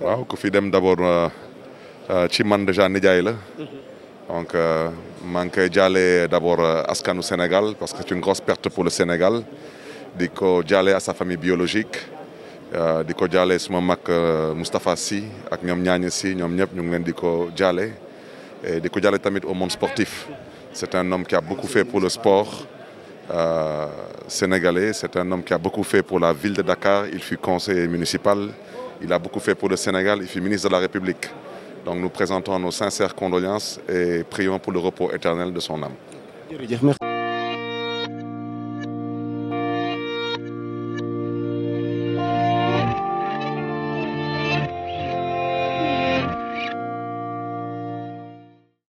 waaw ku fi dem d' abord euh, euh, ci man déjà nijaay la. Mhm. donc euh, maa ngi koy jaale d' abord askanu Sénégal parce que c' une grosse perte pour le Sénégal di ko jaale à sa famille biologique di ko jaale suma mag Moustapha si ak ñoom ñaaña si ñoom ñëpp ñu ngi leen di ko jaale et di ko jaale tamit au monde sportif c' est un homme qui a beaucoup fait pour le sport sénégalais c' un homme qui a beaucoup fait pour la ville de Dakar il fut conseiller municipal. Il a beaucoup fait pour le Sénégal, il fut ministre de la République. Donc nous présentons nos sincères condoléances et prions pour le repos éternel de son âme.